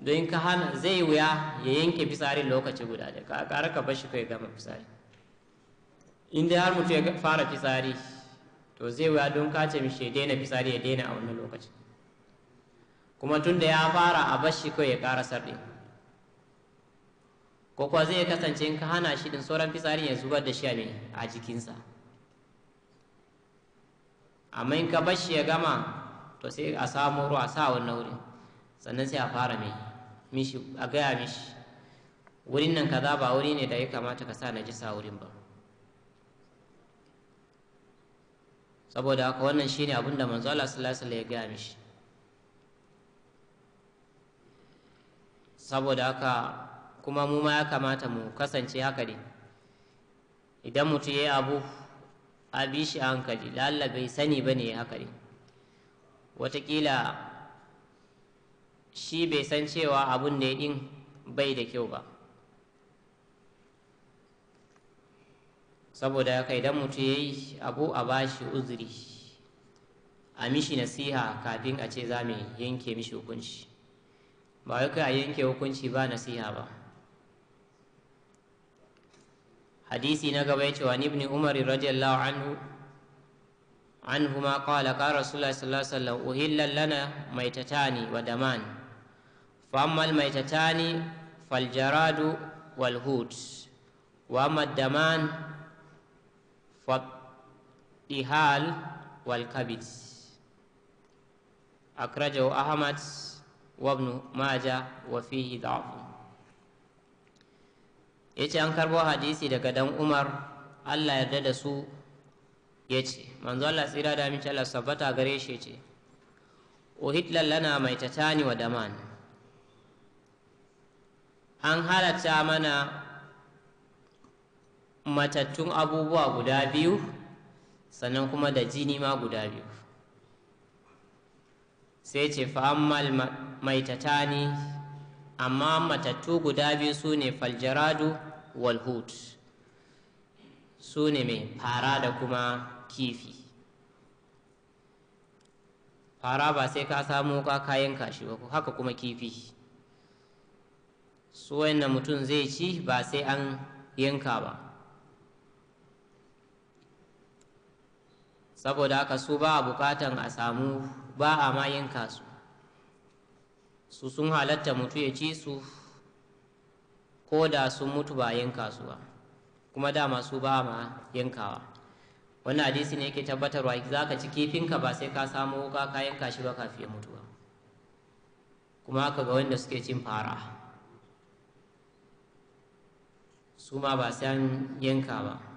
Speaker 1: don ka hana zai wuya ya yanke fitsarin lokaci guda ɗaya ka ƙara ka bar shi kai gama fitsari in dai har mutum ya fara fitsari to zai wuya don kace mishi ya daina fitsari ya daina a wannan lokacin kuma tun da ya fara a bashi kawai ya ƙara sarɗe ko kuwa zai kasance in ka hana shi din sauran fitsarin ya zubar da shi a jikinsa amma in ka bashi ya gama to sai a samu ruwa sa wannan wurin sannan sai a fara mai mishi a gaya mishi wurin nan kaza ba wuri ne da ya kamata ka sa najisa wurin ba saboda haka wannan shine abin da manzo Allah sallallahu alaihi wasallam ya gaya mishi saboda haka kuma mu ma ya kamata mu kasance haka ne idan mutum ya yi abu a bi shi a hankali lalla bai sani ba ne haka ne watakila shi bai san cewa abun da ya ɗin bai da kyau ba saboda ya idan mutum ya yi abu a bashi uzuri a mishi nasiha kafin a ce za mu yanke mishi hukunci ba wai kai a yanke hukunci ba nasiha ba hadisi na gaba ya ce wa ibn umar radiyallahu anhu anhuma kawala qala rasulullah sallallahu alaihi wasallam lana maitatani wa daman fa mai fal jaradu wa amma wal والدهال Ahmad أخرجه أحمد وابن ماجه وفيه Ya yace an karbo hadisi daga dan Umar Allah yarda da su yace manzo Allah tsira da amince Allah sabbata gare shi yace uhidlan lana tatani wa daman an halatta mana matattun abubuwa guda biyu sannan kuma da jini ma guda biyu sai ce fa'ammal ne, amma matattu guda biyu su ne faljaradu walhut su ne mai fara da kuma kifi fara ba sai ka samu ka kayan kashi ba haka kuma kifi su wayan mutum zai ci ba sai an yanka ba saboda haka su ba a bukatan a samu ba a ma yanka su su sun halatta mutu ya ci su ko da sun mutu ba a yanka ba kuma dama su ba ma yankawa wannan hadisi ne yake tabbatarwa za ka ci kifinka ba sai ka samu wuka ka yanka shi ba kafin ya mutu ba kuma haka ga wanda suke cin fara su ma ba sai yanka ba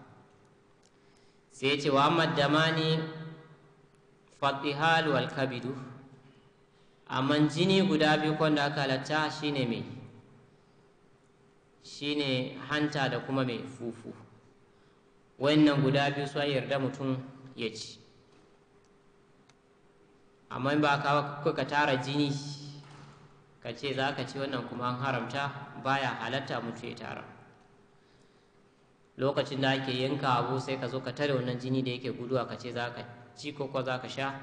Speaker 1: sai ce wa amma damani fatihal wal kabidu amma jini guda biyu kwanda aka halatta shine mai shine hanta da kuma mai fufu wannan guda biyu su yarda mutum ya ci amma ba ka ka tara jini ka ce za ka ci wannan kuma an haramta baya halatta mutu ya tara lokacin da ake yanka abu sai ka zo ka tare wannan jini da yake guduwa ka ce za ka ci ko ko za ka sha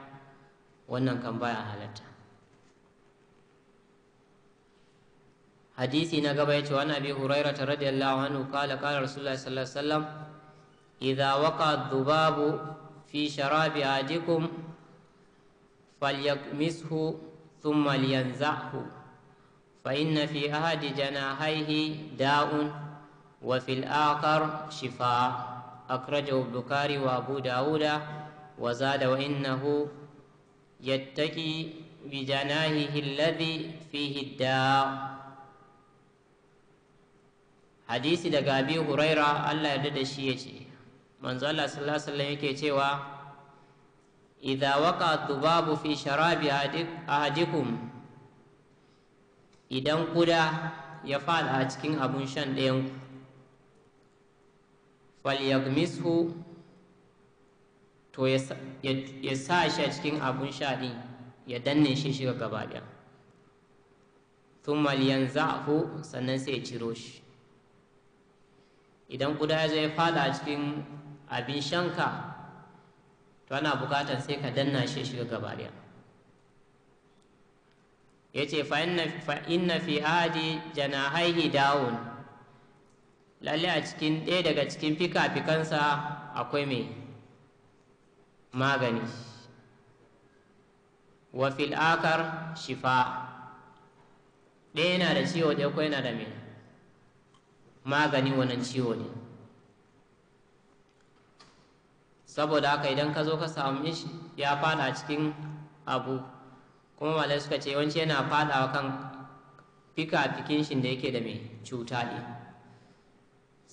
Speaker 1: wannan kan baya halatta hadisi na gaba ya ce wani abi huraira ta radiyallahu anhu kala kala rasulullah sallallahu alaihi wasallam idza waqa fi sharabi adikum falyakmishu thumma liyanzahu fa inna fi ahadi janahaihi da'un وفي الآخر شفاء أخرجه البكاري وأبو داود وزاد وإنه يتكي بجناهه الذي فيه الداء حديث دقى أبي هريرة ألا يدد شيئتي من صلى الله عليه وسلم كيتوا إذا وقع الذباب في شراب أهدكم إذا قد يفعل هاتكين أبو شان لينكم falyagmishu to ya sa shi a cikin abun sha din ya danne shi shiga gaba ɗaya thumma liyanzahu sannan sai ya ciro shi idan kuda ya zo ya fada a cikin abin shanka to ana bukatar sai ka danna shi shiga gaba ɗaya ya ce fa inna fi hadi janahaihi dawun lalle a cikin ɗaya daga cikin fika-fikansa akwai mai magani wa fil'akar shifa ɗaya yana da ciwo ɗaya ko yana da mai magani wannan ciwo ne saboda haka idan ka zo ka samu shi ya fada cikin abu kuma malai suka ce yawanci yana fadawa kan fika-fikin shi da yake da mai cuta ne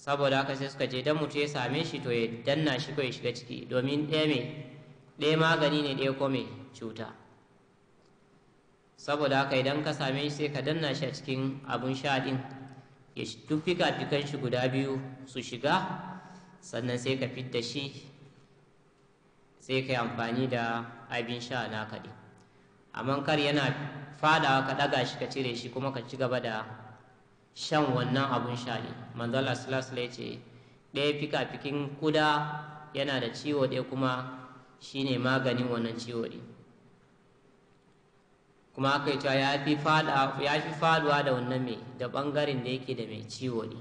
Speaker 1: saboda haka sai suka ce dan mutu ya same shi to ya danna shi ko ya shiga ciki domin ɗaya mai ɗaya magani ne ɗaya ko mai cuta saboda haka idan ka same shi sai ka danna shi a cikin abun sha ɗin ya tufi fika-fikan shi guda biyu su shiga sannan sai ka fidda shi sai ka yi amfani da abin sha naka ɗin amma kar yana fadawa ka ɗaga shi ka cire shi kuma ka ci gaba da shan wannan abun sha ne manzala Allah ce ɗaya fikafikin kuda yana da ciwo ɗaya kuma shine maganin wannan ciwo ne kuma aka yi cewa ya fi faduwa da wannan mai da ɓangaren da yake da mai ciwo ne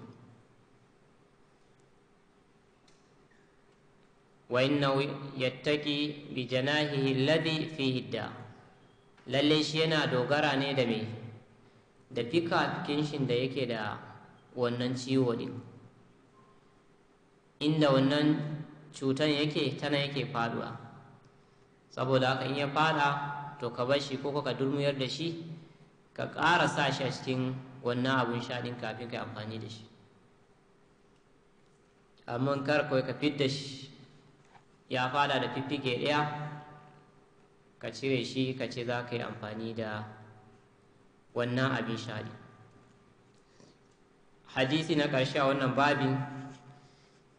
Speaker 1: wa inna yattaki bi janahi alladhi fi hidda. lalle shi yana dogara ne da mai da fika-fikin da yake da wannan ciwo din inda wannan cutan yake tana yake faduwa saboda haka in ya fada to ka bar shi ko ka durmuyar da shi ka ƙara sa shi a cikin wannan abun sha din kafin ka amfani da shi amma kar kawai ka fidda shi ya fada da fiffike ɗaya ka cire shi ka ce za ka yi amfani da wannan abin shaɗi hadisi na ƙarshe a wannan babin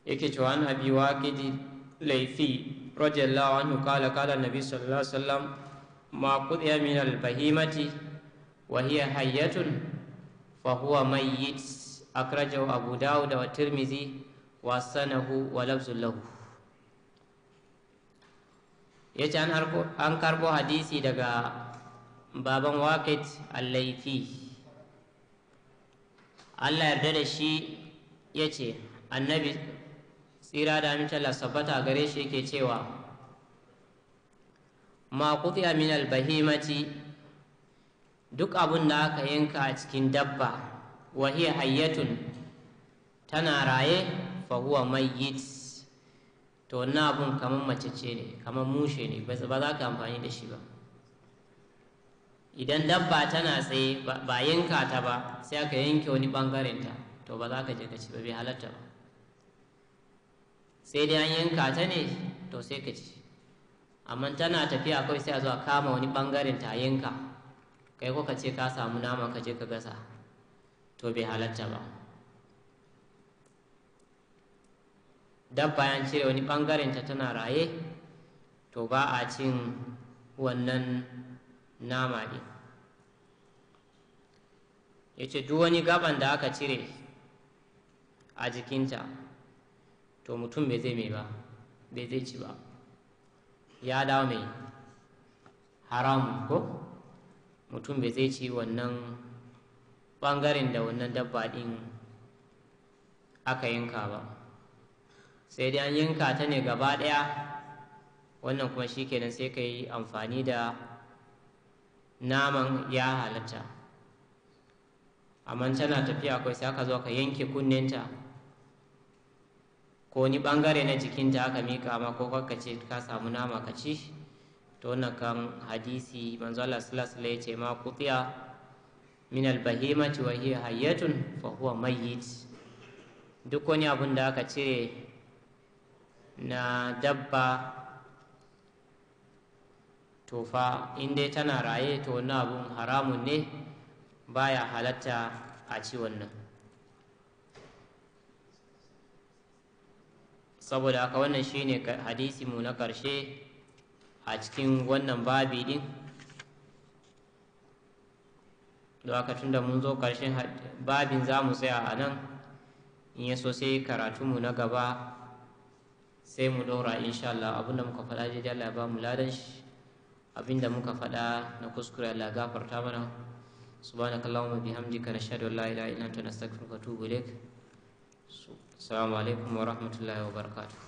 Speaker 1: yake cewa an abi waqidi laifi radiyallahu anhu kala kala nabi sallallahu alaihi wasallam ma qudiya min al bahimati wa hiya hayyatun fa huwa mayyit akrajahu abu daud wa tirmidhi wa sanahu wa lafzul lahu yace an karbo hadisi daga baban waket allaifi allah yarda da shi ya ce annabi tsira da amincin lasabbata gare shi yake cewa ma kufiya min albahimati duk abin da aka yanka a cikin dabba wahiya hayyatun tana raye fahuwa mai to wannan abin kamar mace ce ne kamar mushe ne ba za ka amfani da shi ba idan dabba tana tsaye ba yanka ta ba sai aka yanke wani bangaren ta to ba za ka je ka ci ba bai halatta ba sai dai an yanka ta ne to sai ka ci amma tana tafiya kawai sai a zo a kama wani bangaren ta yanka kai ko ka ce ka samu nama ka je ka gasa to bai halatta ba dabba yan cire wani bangaren ta tana raye to ba a cin wannan nama din ya ce duk wani gaban da aka cire a jikinta to mutum bai zai mai ba bai zai ci ba ya dawo mai haramu ko mutum bai zai ci wannan ɓangaren da wannan dabba din aka yanka ba sai dai an yanka ta ne gaba ɗaya wannan kuma shi kenan sai ka yi amfani da naman ya halatta amma tana tafiya akwai sai aka zo ka yanke kunnenta ko ni bangare na jikinta aka mika amma ko ka ce ka samu nama ka ci to wannan kan hadisi manzo Allah sallallahu alaihi ce ma qutiya min al-bahimati wa hiya hayyatun fa huwa mayyit duk wani abun da aka cire na dabba to fa in dai tana raye to wannan abun haramun ne baya halatta a ci wannan saboda haka wannan shine hadisi mu na karshe a cikin wannan babi din da tun da mun zo karshen babin za mu tsaya a nan in ya so sai karatunmu na gaba sai mu ɗora insha Allah abinda muka faɗa daidai Allah ya ba mu ladan shi Abin da muka faɗa na kuskure Allah gafarta mana subhanaka allahumma bihamdika nashhadu an la ilaha illa anta nastaghfiruka wa natubu ilaik assalamu alaikum wa rahmatullahi wa barakatuh